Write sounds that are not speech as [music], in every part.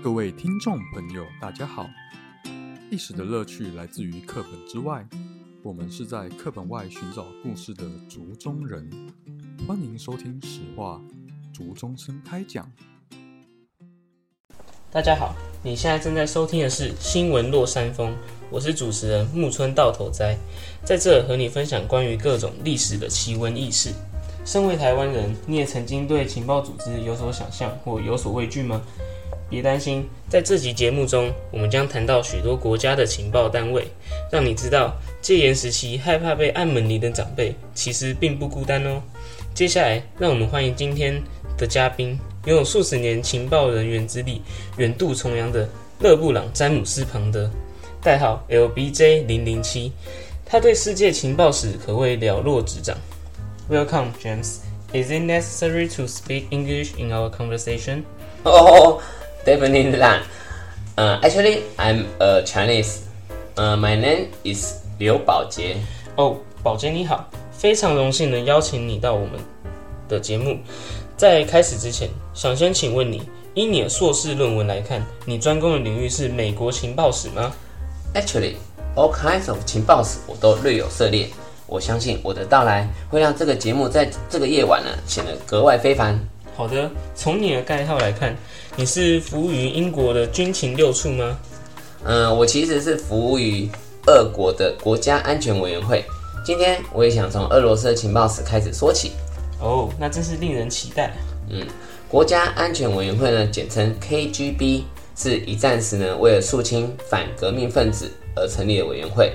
各位聽眾朋友，大家好。歷史的樂趣來自於課本之外，我們是在課本外尋找故事的竹中人。歡迎收聽實話《史話竹中深開講》。大家好，你現在正在收聽的是《新聞落山風》，我是主持人木村道頭哉，在這和你分享關於各種歷史的奇聞異事。身為台灣人，你也曾經對情報組織有所想象或有所畏懼嗎？別擔心，在這集節目中，我們將談到許多國家的情報單位，讓你知道戒嚴時期害怕被按門鈴的長輩其實並不孤單哦。接下來，讓我們歡迎今天的嘉賓，擁有數十年情報人員資歷、遠渡重洋的勒布朗·詹姆斯·龐德，代號 LBJ 零零七。他對世界情報史可謂了若指掌。Welcome, James. Is it necessary to speak English in our conversation? 哦哦。Seven in the land. Actually, I'm a Chinese.、Uh, my name is 劉寶傑。哦，寶傑你好，非常榮幸能邀請你到我們的節目。在開始之前，想先請問你，以你的碩士論文來看，你專攻的領域是美國情報史嗎？Actually, all kinds of 情報史我都略有涉獵。我相信我的到來會讓這個節目在這個夜晚呢顯得格外非凡。好的，從你的蓋號來看，你是服務於英國的軍情六處嗎？嗯、呃，我其實是服務於俄國的國家安全委員會。今天我也想從俄羅斯的情報史開始說起。哦，那真是令人期待啊。嗯，國家安全委員會呢，簡稱 KGB，是一戰時呢，為了肅清反革命分子而成立的委員會。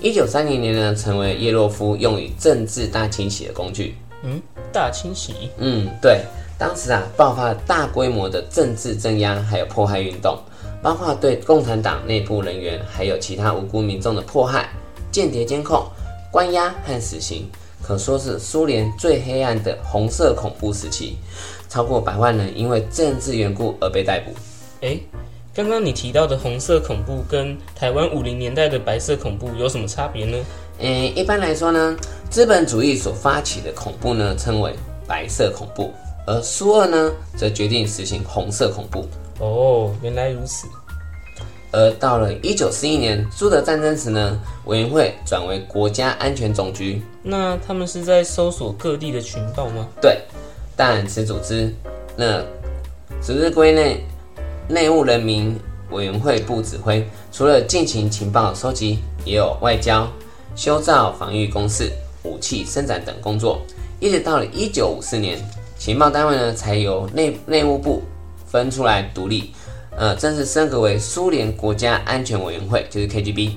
一九三零年呢，成為葉若夫用於政治大清洗的工具。嗯，大清洗。嗯，對。當時啊，爆發了大規模的政治鎮壓，還有迫害運動，包括對共產黨內部人員，還有其他無辜民眾的迫害、間諜監控、關押和死刑，可說是蘇聯最黑暗的紅色恐怖時期。超過百萬人因為政治緣故而被逮捕。欸，剛剛你提到的紅色恐怖跟台灣五零年代的白色恐怖有什麼差別呢？欸，一般來說呢，資本主義所發起的恐怖呢，稱為白色恐怖。而蘇二呢，則決定實行紅色恐怖。哦，原來如此。而到了一九四一年，蘇德戰爭時呢，委員會轉為國家安全總局。那他們是在搜索各地的情報嗎？對，但此組織，那組織歸內內務人民委員會部指揮，除了進行情報收集，也有外交、修造、防禦工事、武器生產等工作。一直到了一九五四年。情報單位呢，才由內內務部分出來獨立，呃，正式升格為蘇聯國家安全委員會，就是 KGB。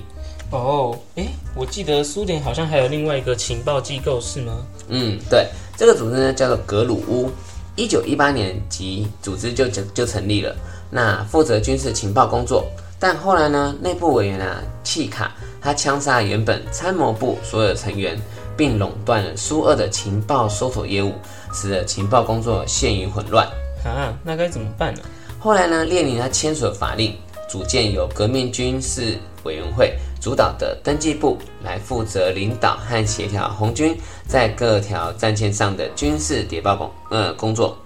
哦，哎、欸，我記得蘇聯好像還有另外一個情報機構是嗎？嗯，對，這個組織呢叫做格魯烏，一九一八年即組織就就就成立了，那負責軍事情報工作。但後來呢，內部委員啊契卡，他槍殺原本參謀部所有成員，並壟斷了蘇俄的情報搜索業務。使得情報工作陷於混亂啊，那該怎麼辦呢？後來呢？列寧他簽署了法令，組建由革命軍事委員會主導的登記部，來負責領導和協調紅軍在各條戰線上的軍事諜報工呃工作。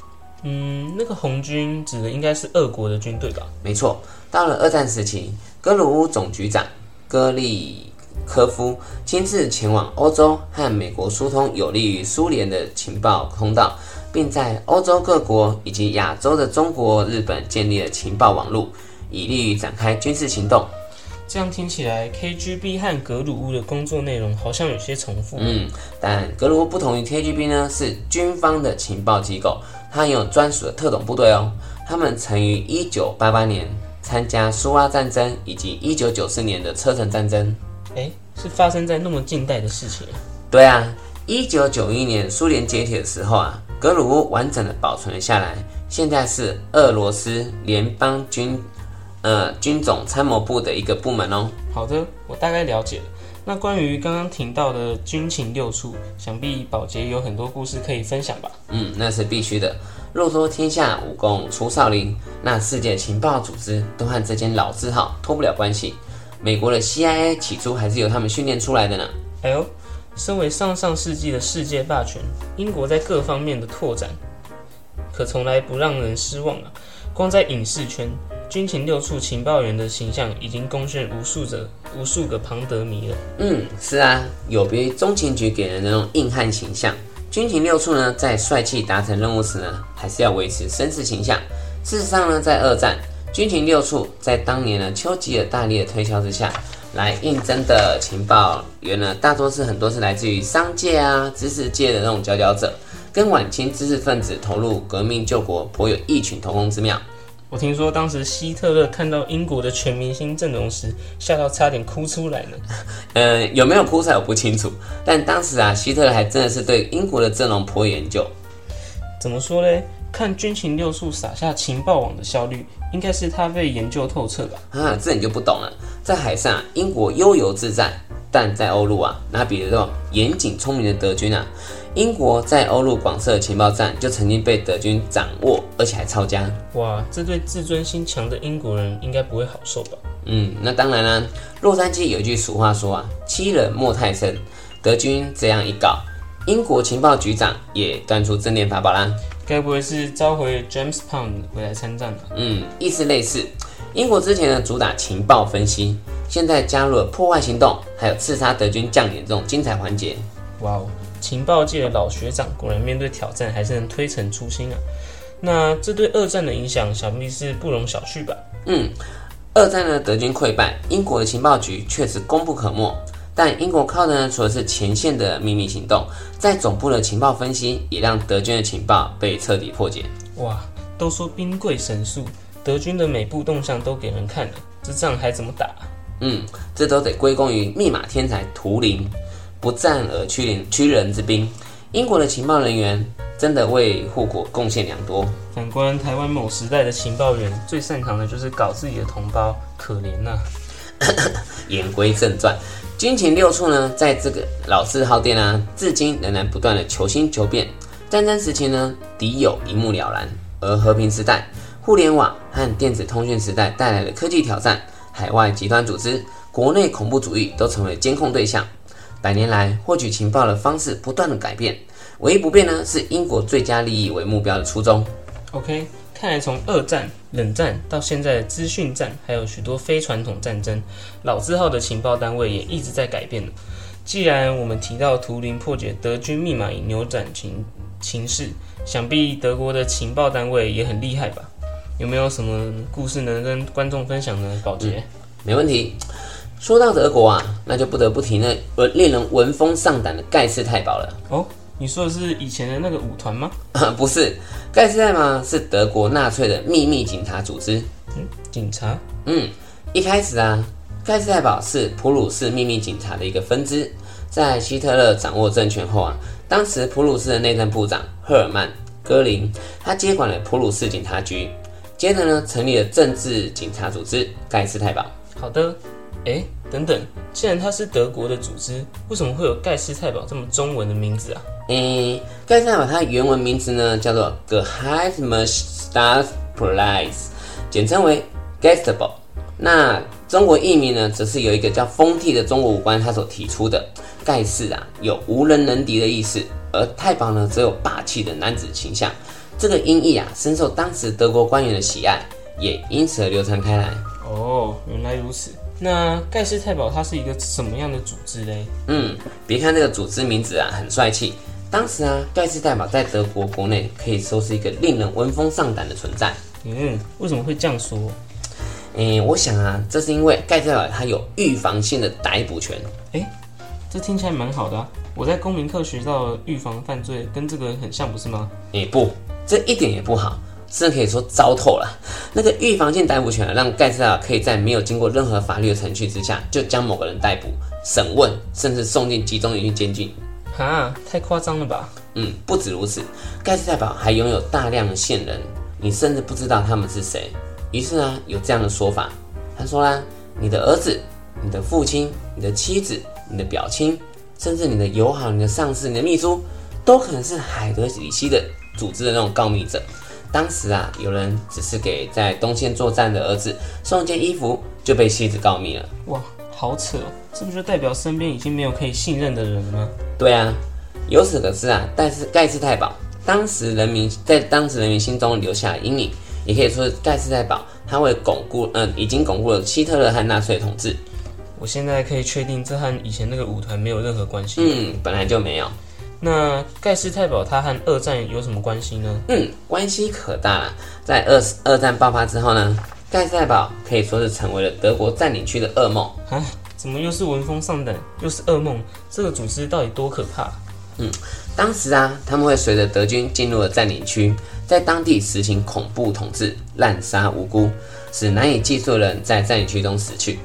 嗯，那個紅軍指的應該是俄國的軍隊吧？沒錯。到了二戰時期，格魯烏總局長戈利。格科夫親自前往歐洲和美國疏通有利於蘇聯的情報通道，並在歐洲各國以及亞洲的中國、日本建立了情報網絡，以利於展開軍事行動。這樣聽起來，KGB 和格魯烏的工作內容好像有些重複。嗯，但格魯烏不同於 KGB 呢，是軍方的情報機構，它有專屬的特種部隊哦。他們曾於1988年參加蘇阿戰爭，以及1994年的車臣戰爭。哎，是發生在那麼近代的事情啊？對啊，一九九一年蘇聯解體的時候啊，格魯烏完整的保存了下來，現在是俄羅斯聯邦軍，呃，軍總參謀部的一個部門哦。好的，我大概了解了。那關於剛剛提到的軍情六處，想必寶傑有很多故事可以分享吧？嗯，那是必須的。若說天下武功出少林，那世界情報組織都和這間老字號脫不了關係。美國的 CIA 起初還是由他們訓練出來的呢。哎呦，身為上上世紀的世界霸權，英國在各方面的拓展，可從來不讓人失望啊。光在影視圈，軍情六處情報員的形象已經攻陷無數個無數個龐德迷了。嗯，是啊，有別於中情局給人的那種硬漢形象，軍情六處呢，在帥氣達成任務時呢，還是要維持紳士形象。事實上呢，在二戰，軍情六處在當年呢，丘吉爾大力的推銷之下，來應徵的情報員呢，大多是很多是來自於商界啊、知識界的那種佼佼者，跟晚清知識分子投入革命救國頗有異曲同工之妙。我聽說當時希特勒看到英國的全明星陣容時，嚇到差點哭出來了。呃、 [laughs] 嗯，有沒有哭出來我不清楚，但當時啊，希特勒還真的是對英國的陣容頗有研究。怎麼說呢？看《軍情六處》撒下情報網的效率，應該是他被研究透徹吧？哈、啊，這你就不懂了。在海上、啊，英國悠游自在；但在歐陸啊，那比如說嚴謹聰明的德軍啊，英國在歐陸廣設的情報站就曾經被德軍掌握，而且還抄家。哇，這對自尊心強的英國人應該不會好受吧？嗯，那當然啦、啊。洛杉磯有一句俗話說啊：“欺人莫太甚。”德軍這樣一搞，英國情報局長也端出鎮店法寶啦。該不會是召回 James Bond 回來參戰吧、啊？嗯，意思類似。英國之前呢，主打情報分析，現在加入了破壞行動，還有刺殺德軍將領這種精彩環節。哇哦，情報界的老學長果然面對挑戰還是能推陳出新啊！那這對二戰的影響想必是不容小覷吧？嗯，二戰呢，德軍潰敗，英國的情報局確實功不可沒。但英國靠的呢，除了是前線的秘密行動，在總部的情報分析，也讓德軍的情報被徹底破解。哇，都說兵貴神速，德軍的每步動向都給人看了，這仗還怎麼打、啊？嗯，這都得歸功於密碼天才圖靈，不戰而屈人屈人之兵。英國的情報人員真的為護國貢獻良多。反觀台灣某時代的情報員，最擅長的就是搞自己的同胞，可憐吶、啊咳咳。言歸正傳。軍情六處呢，在這個老字號店啊，至今仍然不斷的求新求變。戰爭時期呢，敵友一目了然；而和平時代，互聯網和電子通訊時代帶來的科技挑戰，海外極端組織、國內恐怖主義都成為監控對象。百年來，獲取情報的方式不斷的改變，唯一不變呢，是英國最佳利益為目標的初衷。OK。看來，從二戰、冷戰到現在的資訊戰，還有許多非傳統戰爭，老字號的情報單位也一直在改變呢。既然我們提到圖靈破解德軍密碼，扭轉情情勢，想必德國的情報單位也很厲害吧？有沒有什麼故事能跟觀眾分享呢？寶傑、嗯、沒問題。說到德國啊，那就不得不提那令人聞風喪膽的蓋世太保了。哦。你說的是以前的那個舞團嗎？啊，不是，蓋世太保是德國納粹的秘密警察組織。嗯，警察。嗯，一開始啊，蓋世太保是普魯士秘密警察的一個分支。在希特勒掌握政權後啊，當時普魯士的內政部長赫爾曼·戈林，他接管了普魯士警察局，接着呢，成立了政治警察組織蓋世太保。好的，哎。等等，既然它是德國的組織，為什麼會有蓋世太保這麼中文的名字啊？嗯、欸，蓋世太保它的原文名字呢叫做 Geheime Staatspolizei 簡稱為 Gestapo，那中國譯名呢，則是有一個叫酆悌的中國武官，他所提出的。蓋世啊，有無人能敵的意思，而太保呢，則有霸氣的男子形象。這個音譯啊，深受當時德國官員的喜愛，也因此而流傳開來。哦，原來如此。那蓋世太保它是一個什麼樣的組織呢？嗯，別看那個組織名字啊很帥氣，當時啊蓋世太保在德國國內可以說是一個令人聞風喪膽的存在。嗯，為什麼會這樣說？誒，我想啊這是因為蓋世太保它有預防性的逮捕權。哎，這聽起來蠻好的啊，我在公民課學到的預防犯罪跟這個很像，不是嗎？誒，不，這一點也不好。甚至可以說糟透了。那個預防性逮捕權，啊，讓蓋世太保可以在沒有經過任何法律的程序之下，就將某個人逮捕、審問，甚至送進集中營去監禁。啊，太誇張了吧？嗯，不止如此，蓋世太保還擁有大量的線人，你甚至不知道他們是誰。於是呢，有這樣的說法，他說啦：“你的兒子、你的父親、你的妻子、你的表親，甚至你的友好、你的上司、你的秘書，都可能是海德里希的組織的那種告密者。”當時啊，有人只是給在東線作戰的兒子送一件衣服，就被妻子告密了。哇，好扯哦！這不就代表身邊已經沒有可以信任的人了嗎？對啊，由此可知啊，蓋世蓋世太保當時人民在當時人民心中留下了陰影，也可以說蓋世太保他會鞏固，嗯、呃，已經鞏固了希特勒和納粹統治。我現在可以確定，這和以前那個舞團沒有任何關係。嗯，本來就沒有。那蓋世太保他和二戰有什麼關係呢？嗯，關係可大了。在二二戰爆發之後呢，蓋世太保可以說是成為了德國佔領區的噩夢。啊，怎麼又是聞風喪膽，又是噩夢？這個組織到底多可怕？嗯，當時啊，他們會隨着德軍進入了佔領區，在當地實行恐怖統治，濫殺無辜，使難以計數的人在佔領區中死去，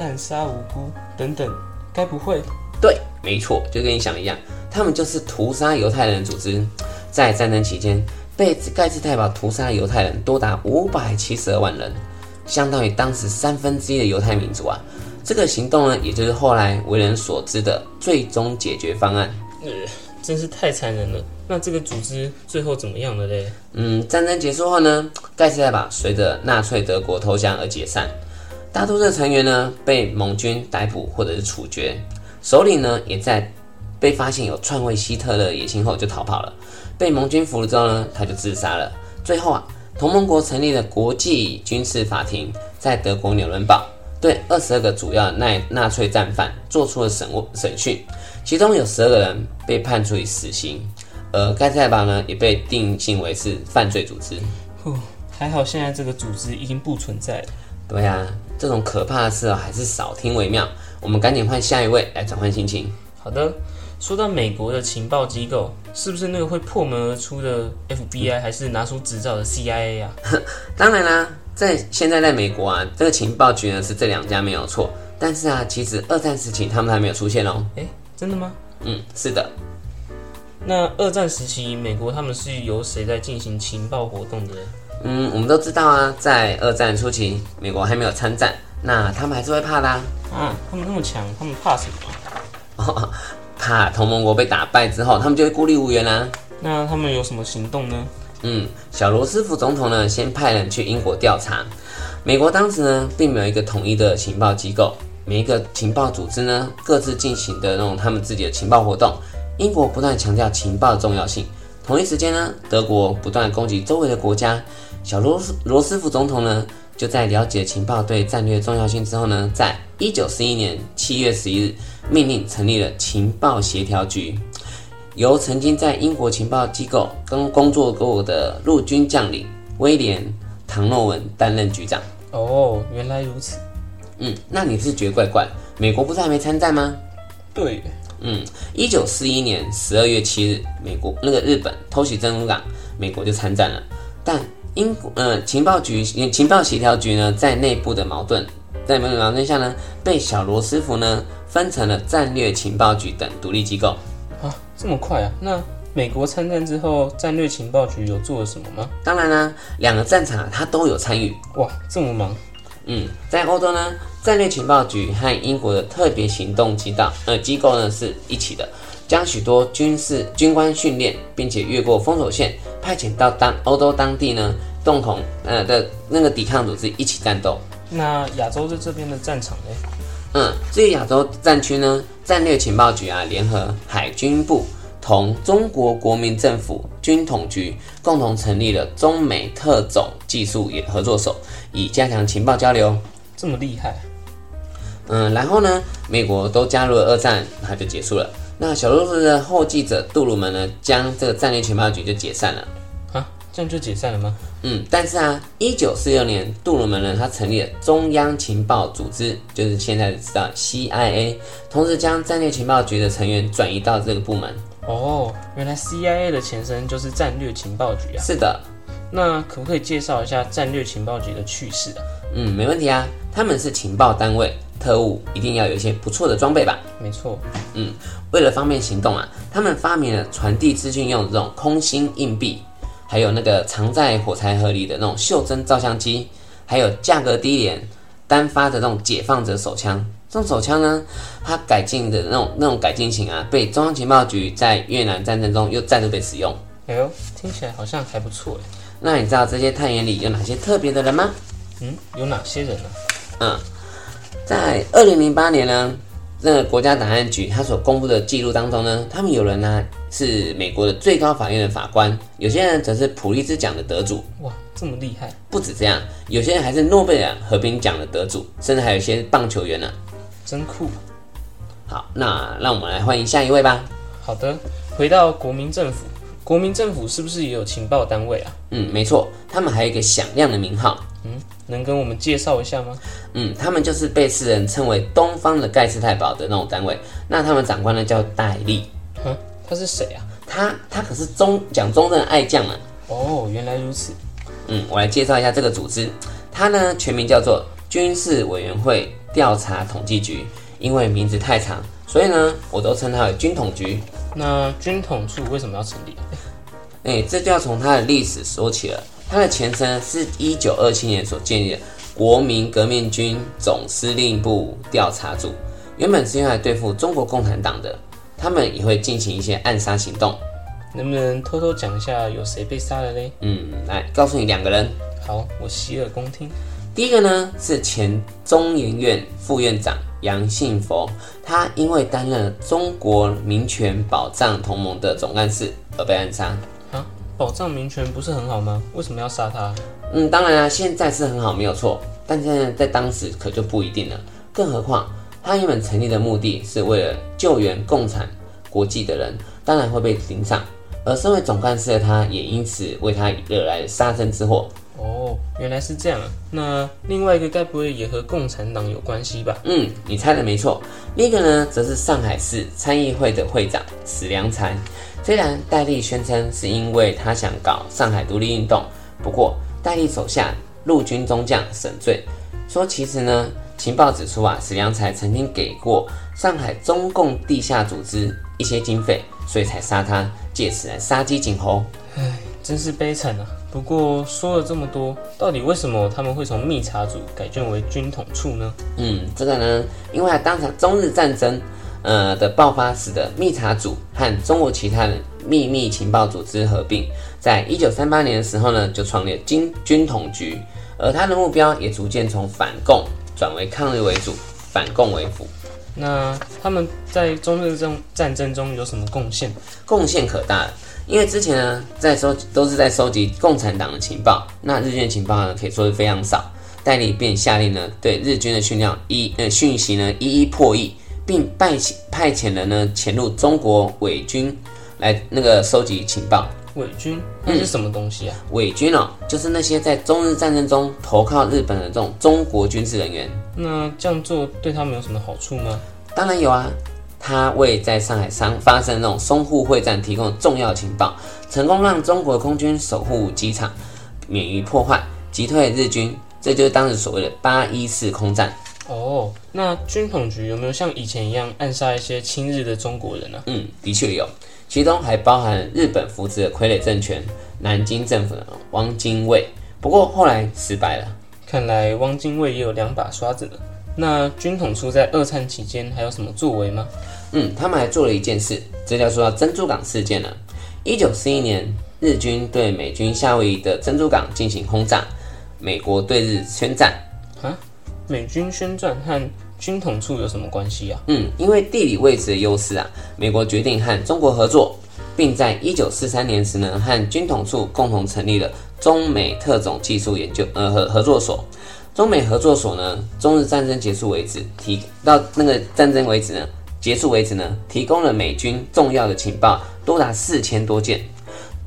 濫殺無辜等等。該不會？對。沒錯，就跟你想一樣，他們就是屠殺猶太人組織。在戰爭期間，被蓋世太保屠殺猶太人多達五百七十二萬人，相當於當時三分之一的猶太民族啊。這個行動呢，也就是後來為人所知的最終解決方案。呃，真是太殘忍了。那這個組織最後怎麼樣了嘞？嗯，戰爭結束後呢，蓋世太保隨着納粹德國投降而解散，大多數成員呢被盟軍逮捕或者是處決。首領呢也在被發現有篡位希特勒野心後就逃跑了，被盟軍俘虜之後呢，他就自殺了。最後啊，同盟國成立了國際軍事法庭，在德國紐倫堡對二十二個主要的納納粹戰犯做出了審審訊，其中有十二個人被判處以死刑而，而蓋世太保呢也被定性為是犯罪組織。哦，還好現在這個組織已經不存在了。對呀、啊，這種可怕的事啊還是少聽為妙。我們趕緊換下一位來轉換心情。好的，說到美國的情報機構，是不是那個會破門而出的 FBI，嗯，還是拿出執照的 CIA 啊？當然啦，在現在在美國啊，這個情報局呢是這兩家沒有錯。但是啊，其實二戰時期他們還沒有出現哦。誒，真的嗎？嗯，是的。那二戰時期美國他們是由誰在進行情報活動的呢？嗯，我們都知道啊，在二戰初期，美國還沒有參戰。那他們還是會怕的、啊。嗯、啊，他們那麼強，他們怕什麼？哦，怕同盟國被打敗之後，他們就會孤立無援啦、啊。那他們有什麼行動呢？嗯，小羅斯福總統呢，先派人去英國調查。美國當時呢，並沒有一個統一的情報機構，每一個情報組織呢，各自進行的那種他們自己的情報活動。英國不斷強調情報的重要性。同一時間呢，德國不斷攻擊周圍的國家。小羅斯羅斯福總統呢，就在了解情報對戰略的重要性之後呢，在一九四一年七月十一日，命令成立了情報協調局，由曾經在英國情報機構跟工作過的陸軍將領威廉唐諾文擔任局長。哦，原來如此。嗯，那你是覺得怪怪，美國不是還沒參戰嗎？對。嗯，一九四一年十二月七日，美國那個日本偷襲珍珠港，美國就參戰了，但。英國呃情報局情報協調局呢，在內部的矛盾，在內部矛盾下呢，被小羅斯福呢分成了戰略情報局等獨立機構。啊，這麼快啊？那美國參戰之後，戰略情報局有做了什麼嗎？當然啦、啊，兩個戰場啊，他都有參與。哇，這麼忙。嗯，在歐洲呢，戰略情報局和英國的特別行動指導呃機構呢是一起的，將許多軍事軍官訓練，並且越過封鎖線，派遣到當歐洲當地呢。共同呃的那個抵抗組織一起戰鬥。那亞洲在這邊的戰場呢？嗯，至於亞洲戰區呢，戰略情報局啊，聯合海軍部同中國國民政府軍統局共同成立了中美特種技術合作所，以加強情報交流。這麼厲害啊？嗯，然後呢，美國都加入了二戰，它就結束了。那小羅斯福的後繼者杜魯門呢，將這個戰略情報局就解散了。這樣就解散了嗎？嗯，但是啊，一九四六年，杜魯門呢，他成立了中央情報組織，就是現在知道的 CIA，同時將戰略情報局的成員轉移到這個部門。哦，原來 CIA 的前身就是戰略情報局啊。是的，那可不可以介紹一下戰略情報局的趣事啊？嗯，沒問題啊。他們是情報單位，特務一定要有一些不錯的裝備吧？沒錯。嗯，為了方便行動啊，他們發明了傳遞資訊用的這種空心硬幣。還有那個藏在火柴盒裡的那種袖珍照相機，還有價格低廉、單發的那種解放者手槍。這種手槍呢，它改進的那種那種改進型啊，被中央情報局在越南戰爭中又再度被使用。哎呦，聽起來好像還不錯哎。那你知道這些探員裡有哪些特別的人嗎？嗯，有哪些人呢、啊？嗯，在二零零八年呢，那個、國家檔案局他所公布的記錄當中呢，他們有人呢、啊、是美國的最高法院的法官，有些人則是普利茲獎的得主。哇，這麼厲害！不止這樣，有些人還是諾貝爾和平獎的得主，甚至還有一些棒球員呢、啊。真酷！好，那讓我們來歡迎下一位吧。好的，回到國民政府，國民政府是不是也有情報單位啊？嗯，沒錯，他們還有一個響亮的名號。能跟我們介紹一下嗎？嗯，他們就是被世人稱為東方的蓋世太保的那種單位。那他們長官呢叫，戴笠。嗯，他是誰啊？他他可是蔣，蔣中正的愛將嘛。哦，原來如此。嗯，我來介紹一下這個組織。他呢全名叫做軍事委員會調查統計局，因為名字太長，所以呢我都稱他為軍統局。那軍統處為什麼要成立？誒，這就要從它的歷史說起了。他的前身是一九二七年所建立的國民革命軍總司令部調查組，原本是用來對付中國共產黨的，他們也會進行一些暗殺行動。能不能偷偷講一下有誰被殺了嘞？嗯，來告訴你兩個人。好，我洗耳恭聽。第一個呢是前中研院副院長楊杏佛，他因為擔任中國民權保障同盟的總幹事而被暗殺。保障民權不是很好嗎？為什麼要殺他？嗯，當然啊。現在是很好，沒有錯。但是在當時可就不一定了。更何況他原本成立的目的是為了救援共產國際的人，當然會被盯上。而身為總幹事的他，也因此為他惹來殺身之禍。哦，原來是這樣啊。那另外一個，該不會也和共產黨有關係吧？嗯，你猜的沒錯。另一個呢，則是上海市參議會的會長史量才。雖然戴笠宣稱是因為他想搞上海獨立運動，不過戴笠手下陸軍中將沈醉說，其實呢情報指出啊，史量才曾經給過上海中共地下組織一些經費，所以才殺他，借此來殺雞儆猴。唉，真是悲慘啊！不過說了這麼多，到底為什麼他們會從密查組改卷為軍統處呢？嗯，這個呢，因為他當時中日戰爭。呃的爆發使得密查組和中國其他的秘密情報組織合併，在一九三八年的時候呢，就創立軍軍統局，而他的目標也逐漸從反共轉為抗日為主，反共為輔。那他們在中日中戰爭中有什麼貢獻？貢獻可大了，因為之前呢在收都是在收集共產黨的情報，那日軍的情報呢可以說是非常少，戴笠便下令呢對日軍的訓練一呃訊息呢一一破譯。並派遣派遣人呢潛入中國偽軍，來那個收集情報。偽軍那是什麼東西啊？嗯、偽軍哦，就是那些在中日戰爭中投靠日本的這種中國軍事人員。那這樣做對他沒有什麼好處嗎？當然有啊，他為在上海上發生那種淞滬會戰提供重要情報，成功讓中國空軍守護機場免，免於破壞，擊退日軍。這就是當時所謂的八一四空戰。哦，那軍統局有沒有像以前一樣暗殺一些親日的中國人呢？嗯，的確有，其中還包含日本扶持的傀儡政權，南京政府的汪精衛，不過後來失敗了。看來汪精衛也有兩把刷子了。那軍統處在二戰期間還有什麼作為嗎？嗯，他們還做了一件事，這叫做珍珠港事件啊。一九四一年，日軍對美軍夏威夷的珍珠港進行轟炸，美國對日宣戰。啊？美軍宣戰和軍統處有什麼關係啊？嗯，因為地理位置的優勢啊，美國決定和中國合作，並在一九四三年時呢，和軍統處共同成立了中美特種技術研究呃合合作所。中美合作所呢，中日戰爭結束為止，提到那個戰爭為止呢，結束為止呢，提供了美軍重要的情報多達四千多件，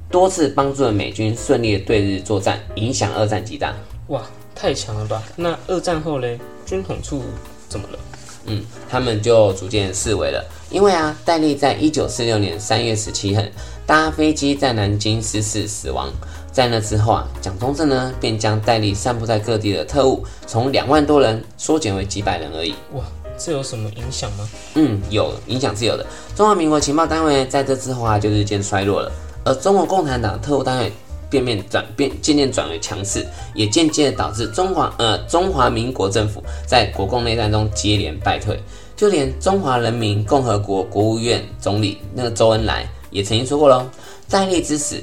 多次幫助了美軍順利的對日作戰，影響二戰極大。哇！太強了吧？那二戰後嘞，軍統處怎麼了？嗯，他們就逐漸式微了。因為啊，戴笠在一九四六年三月十七日搭飛機在南京失事死亡。在那之後啊，蔣中正呢便將戴笠散布在各地的特務從兩萬多人縮減為幾百人而已。哇，這有什麼影響嗎？嗯，有影響是有的。中華民國情報單位在這之後啊，就日漸衰落了。而中國共產黨特務單位。變面轉變，漸漸轉為強勢，也間接導致中華呃中華民國政府在國共內戰中接連敗退。就連中華人民共和國國務院總理那個周恩來也曾經說過嘍：戴笠之死，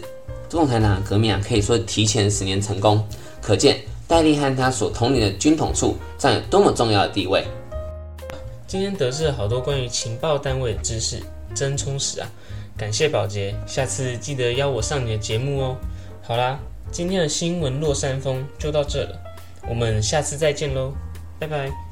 共產黨的革命啊，可以說提前十年成功。可見戴笠和他所統領的軍統處佔有多麼重要的地位。今天得知了好多關於情報單位的知識，真充實啊！感謝寶傑，下次記得邀我上你的節目哦。好啦，今天的新聞落山風就到這了，我們下次再見嘍，拜拜。